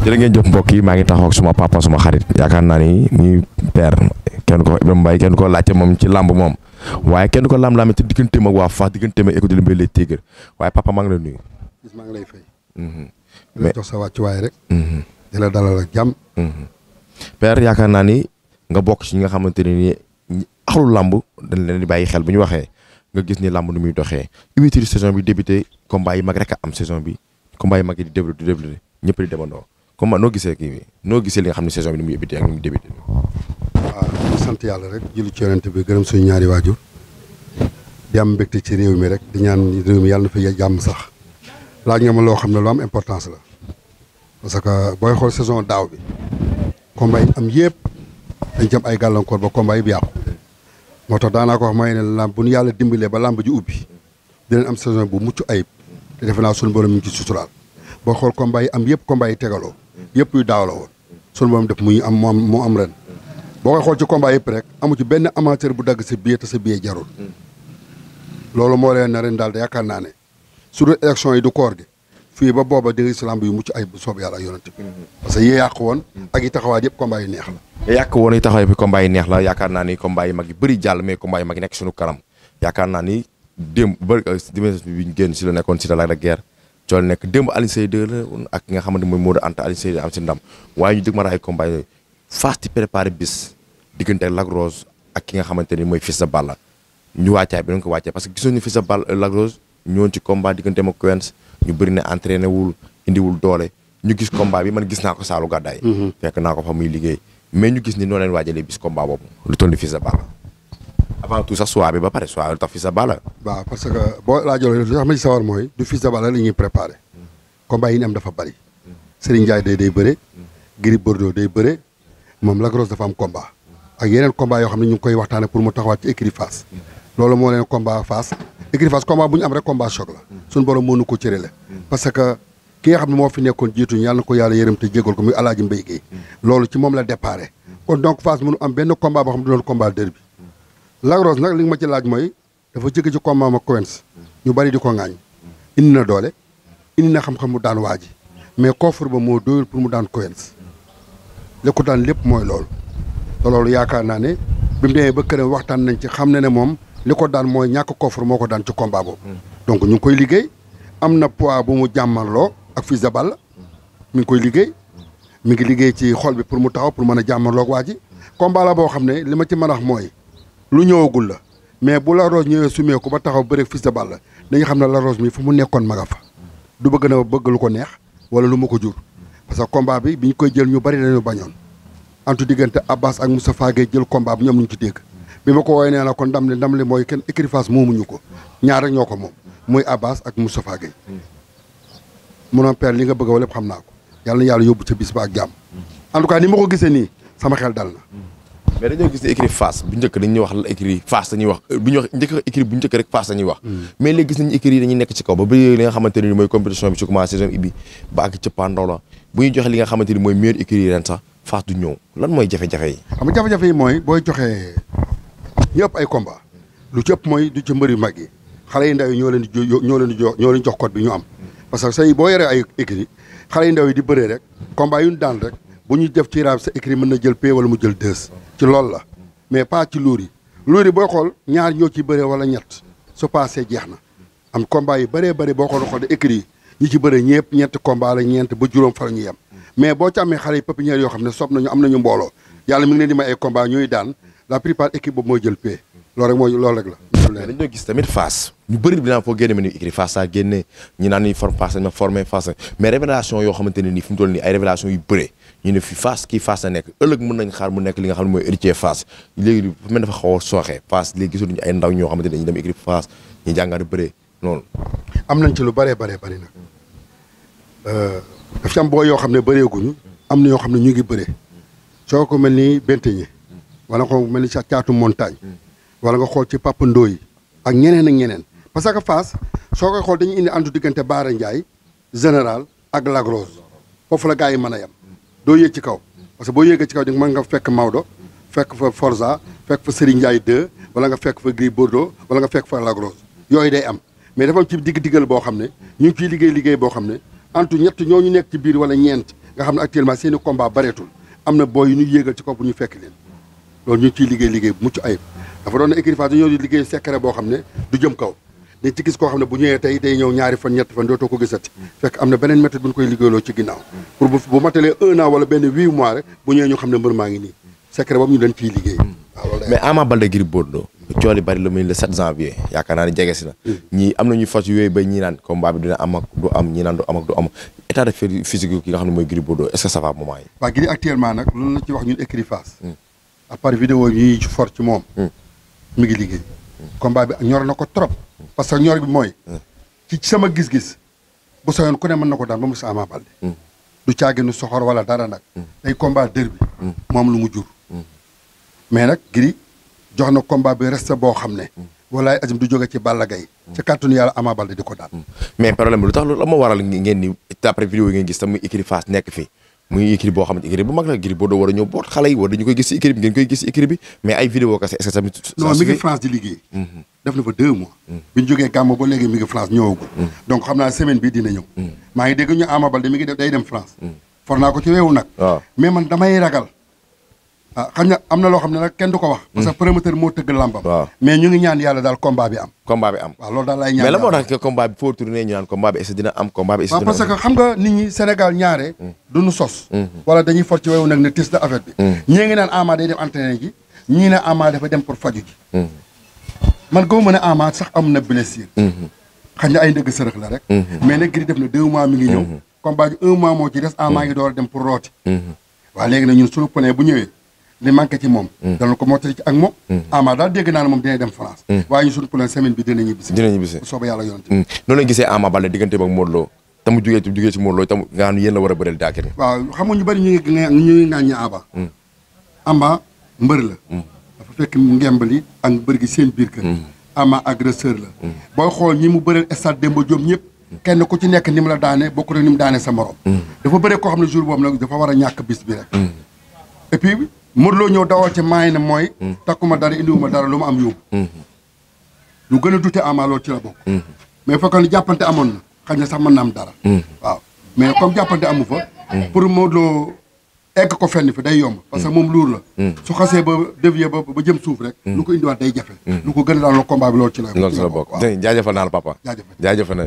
jërë ngeen jëf mbokk yi maa ngi taxaw papa suma xarit yaakaar naa ni muy père kenn ko Ibrahima Mbaye kenn ko laajte moom ci làmb moom waaye kenn ko lam laamee ci digganteem ak waa Fass digganteem ak école de papa maa ngi lay nuyu. gis maa ngi lay fay. sa rek. di la dalal ak jàmm. père yaakaar naa ni nga bokk ci nga axlu làmb dañ leen di bàyyi xel bu ñu waxee nga gis ni làmb nu muy doxee huitième saison bi débuté combat yi am saison bi combat yi mag yi di di déblu ñëpp di demandoo comment noo gisee kii bi noo gisee li nga xam ne saison bi ni muy waaw ah, sant yàlla rek julli ci yonent bi gërëm suñu ñaari waajur di am mbégte ci réew mi rek di ñaan réew mi yàlla na fa jàmm sax laa nga loo xam ne lu am importance la parce que booy xool saison daaw bi combat am yëpp dañ jëm ay gàllankoor ba combat yi bi yàqu. moo tax daanaa ko wax may ne làmb bu nu yàlla dimbalee ba làmb ji ubbi dinañ am saison bu mucc ayib te defe naa sunu borom mi ngi ci suturaal boo xool combat yi am yëpp combat yi tegaloo yëpp yu daaw la woon sunu borom def mu am moo moo am ren boo koy xool ci combat yëpp rek amu ci benn amateur bu dagg sa biir te sa billet jarul mm. loolu moo leen na ren daal de yaakaar naa ne su dul élection yi du koor gi fii ba booba dégg islam bi yu mucc ay bu soob yàlla ak yonent bi mm-hmm. parce que yi yàq woon ak yi taxawaay yëpp combat yi neex la yak won yi taxawaay bi combat yi neex la yaakaar naa ni combat yi magi beuri jall mais combat yi magi nek sunu karam kanam yaakaar ni dem ba euh, dimanche bi ñu genn ci la nekkon ci la la guerre ciol nek dem ali Alioune la ak nga xamanteni moy Modou Anta ali Seye am ci ndam way ñu dëg ay combat yooyu Fass di bis digënté lak Rose ak ki nga xamanteni moy Fils de Balla ñu waccay bi ñu ko waccay parce que gisoon ñu Fils de Balla lak Rose ñoon ci combat digënté mo coins ñu bëri ne entraîné wul indiwul doole ñu gis combat bi man gis naa ko saalu gàddaay mhm. fekk naa ko fa muy liggéey mais ñu gis ni noo leen waajalee bis combat boobu lu toll ni Fils de Balla avant sax soir bi ba pare soir lu tax Fils de Balla waaw que boo laajoo lu mooy du Fils de Balla la ñuy préparé combat yi ñu am dafa bëri Serigne Ndiaye day day bëre Gris Bordeaux day bëre moom Lac Rose dafa am combat ak yeneen combat yoo xam ne ñu ngi koy waxtaane pour mu taxawaat ci écurie Fass loolu moo leen combat Fass écurie Fass combat bu ñu am rek combat choc la suñu borom moo nu ko cërale parce que ki nga xam ne moo fi nekkoon jiituñu yàlla na ko yàlla yërëm te jégal ko muy alaaji mbay géey loolu ci moom la déparé kon donc Fass mënu am benn combat boo xam ne du doon combat derby lagros nag li nga ma ci laaj mooy dafa jëkk ci combat ma Coens ñu bari di ko ŋaañ indi na doole indi na xam-xam mu daan waa ji mais coffre ba moo doyul pour mu daan Coens li ko daan lépp mooy loolu loolu yaakaar naa ne bi mu demee ba këram waxtaan nañ ci xam ne ne moom li ko daan mooy ñàkk koofur moo ko daan ci combat boobu. donc ñu ngi koy liggéey am na poids bu mu jàmmarloo ak Fils de Balla mu ngi koy liggéey mu ngi liggéey ci xool bi pour mu taxaw pour mën a jàmmarloo ak waa ji. combat la boo xam ne li ma ci mën a mooy lu ñëwagul la mais bu la ñëwee sumee ku ba taxaw bëre Fils de Balla dañu xam ne la Rose mi fu mu nekkoon ma nga du bëgg na bëgg lu ko neex wala lu ma ko jur parce que bi bi ñu koy jël ñu bari dañu bañoon antu diggante Abbas ak Moustapha Gueye jël combat bi ñoom ñu ci dégg. bi ma ko woowee nee na kon ndam li ndam mooy kenn écurie Fass moomuñu ko ñaar rek ñoo ko moom muy Abbas ak Moustapha Gueye munoon père li nga bëgg a lépp xam naa ko yàlla na yàlla yóbbu ca bis ba ak jàmm en tout cas ni ma ko gisee nii sama xel dal na mais dañoo gis ne wax écurie Fass dañuy wax bu ñuy wax njëkk écurie bu njëkk rek wax hmm. mais léegi gis nañu écurie nekk ci kaw ba ba li nga xamante ne mooy compétition bi ci commencé saison bi ba ak cëppaandaw la bu ñuy joxe li nga xamante ni mooy meilleure écurie ren sax Fass du ñëw lan mooy jafe-jafe yi jafe-jafe yi mooy booy joxee ñëpp ay combat lu cëpp mooy du ci mbër yu mag yi xale yu ndaw yi ñoo leen di ñoo leen di jox ñoo leen jox code bi ñu am parce que say boo yoree ay écrit xale yu ndaw yi di bëree rek combat yu ñu daan rek bu ñu def ci raam sa écrit mën na jël pay wala mu jël deux ci loolu la mais pas ci luur yi luur yi booy xool ñaar ñoo ci bëree wala ñett su passé jeex na am combat yi bëree bëri boo xool xool de écrit yi ñi ci bëree ñëpp ñeenti combat la ñeent ba juróom fa la ñu yem mais boo ci amee xale yi pépinière yoo xam ne sob nañu am nañu mbooloo yàlla mi ngi ay combat ñuy daan la plupart équipe boobu mooy jël pay loolu rek mooy loolu rek la dañ doon gis tamit Fass ñu bëri dinaa foo génne ma ni écrit Fass saa génne ñi naan ñu form Fass ma formé Fass mais révélation yoo xamante ne nii nii ay révélation yu bëree ñu ne fi Fass kii Fass a nekk ëllëg mën nañ xaar mu nekk li nga xam mooy héritier Fass léegi mel dafa xaw a sooxee Fass léegi gisul ñu ay ndaw ñoo xamante ne dañuy dem écrit Fass ñu jàngaat bëree noonu am nañ ci lu bëree bëree bëri nag euh, daf ci yoo xam ne bëreeguñu am na yoo xam ne ñu ngi bëree soo ko mel ni benteñi wala nga xool mel ni caatu montagne mm. wala nga xool ci Papa Ndoye ak ñeneen ak ñeneen parce que Fass soo koy xool dañuy indi antu diggante Baara Ndiaye général ak Lagrose foofu la gars yi mën a yem doo yéeg ci kaw parce que boo yéegee ci kaw di mën nga fekk Maodo fekk fa Forza fekk fa Serigne Ndiaye 2 wala nga fekk fa Gris Bordeaux wala nga fekk fa Lagrose yooyu day am mais dafa am ci digg-diggal boo xam ne ñu ngi ciy liggéey liggéey boo xam ne antu ñett ñoo ñu nekk ci biir wala ñeent nga xam ne actuellement seen i combat am na booy yu ñu yéegal ci kaw ñu fekk leen loolu ñu ciy liggéey liggéey bu mucc ayib dafa ne écurie Fass dañoo liggéey boo xam ne du jëm kaw dañ ci gis koo xam ne bu ñëwee tey day ñëw ñaari fan ñetti fan dootoo ko gisati fekk am na beneen méthode bu ñu koy liggéeyloo ci ginnaaw an wala benn huit mois rek bu ñëwee ñu xam ne mbër maa ngi nii secret boobu ñu dañ ciy liggéey hmm. waaw mais Ama Baldé na hmm. ñii am nañu fas ba ñi naan combat bi du am ñi naan du am ak du am état de nga xam ne mooy Gris Bordeaux est-ce que ça va moment yi waaw Gris actuellement nag loolu la ci wax ñun écurie hmm. à part vidéo yi for ci moom. Hmm. mi ngi liggéey. combat bi ñor na ko trop. parce que ñor bi mooy. Hmm. ci sama gis-gis. bu soyoon ku ne mën na ko daan ba mu sa Ama Baldé hmm. du nu soxor wala dara nag. day combat dër bi. moom lu mu jur. mais nag Gris jox na combat bi reste boo xam ne. walaay Azim du jóge ci Balla Gaye ci kàttanu yàlla Ama Baldé di ko daan. mais problème lu tax loolu la ma waral ngeen ni après vidéo yi ngeen gis tam muy écrit nekk fii. muy écrit boo xamante écrit bu mag la écrit boo doo war a ñëw boot xale yi war dañu koy gis si bi ngeen koy gis si bi mais ay vidéo kese est-ce que tamit non mi ngi France di liggéey mhm. def na fa deux mhm. bi ñu jógee gàmm ba léegi mi ngi France ñëwagul mhm. donc xam naa semaine bii dina ñëw maa ngi dégg ñu Ama Baldé mi ngi def day dem France for naa ko ci weewu nag ah. mais man damay ragal Ah, xam na am na loo xam ne nag kenn du ko wax. parce que mm. promoteur moo tëgg làmbam. waaw ñu ngi ñaan yàlla daal combat bi am. combat bi am waaw loolu daal laay ñaan mais la moo tax que combat bi foo parce que xam nga nit ñi Sénégal ñaare. Mm. du ñu sos. Mm. wala dañuy for ci wewu nag ne tis na affaire bi. ñii ngi naan Ama day dem entraîné ji ñii ne Ama dafa dem pour faju ji. man goo mën a Ama sax am na blessure. Mm-hmm. xañ na ay ndëgg sërëx la rek. Mm-hmm. mais nag Gris def na deux mm-hmm. a li manqué ci moom mm. dana ko mottali ci ak moom mm. Ama naa ne moom dina dem France mm. waaye ñu suñu plan semaine bi dina ñibbisi dina ñibbisi sooba yàlla yonent noonu lañ gisee Ama Baldé diggante ak Modou Lo te mu jugee jugee ci ne yéen la war a bëreel daakir waaw xam nga ñu bëri ñu ngi ñu ngi naan ñi Ama Ama mbër la dafa fekk ngembali ak mbër gi booy xool ñi mu bëreel stade Demba Diop ñëpp kenn ku ci nekk ni mu la daane bokkul ak ni mu daane sa morom dafa bëre koo xam ne jour boobu nag dafa war a ñàkk bis bi rek Modou Lo ñëw dawal ci maay ne mooy. Mm-hmm. takkuma dara indiwuma dara lu ma am yóbbu. Mm-hmm. lu gën a dute Ama loolu ci la bokk. Mm-hmm. mais fekkoon ne jàppante amoon na xëy na sax mën na am dara. waaw mais comme jàppante amu fa. pour Modou Lo egg ko fenn fi day yomb. parce que moom luur la. su xasee ba dévier ba ba jëm suuf rek. lu ko indiwaat day jafe. lu ko gën a daal la combat bi loolu ci la. loolu ci la bokk waaw papa.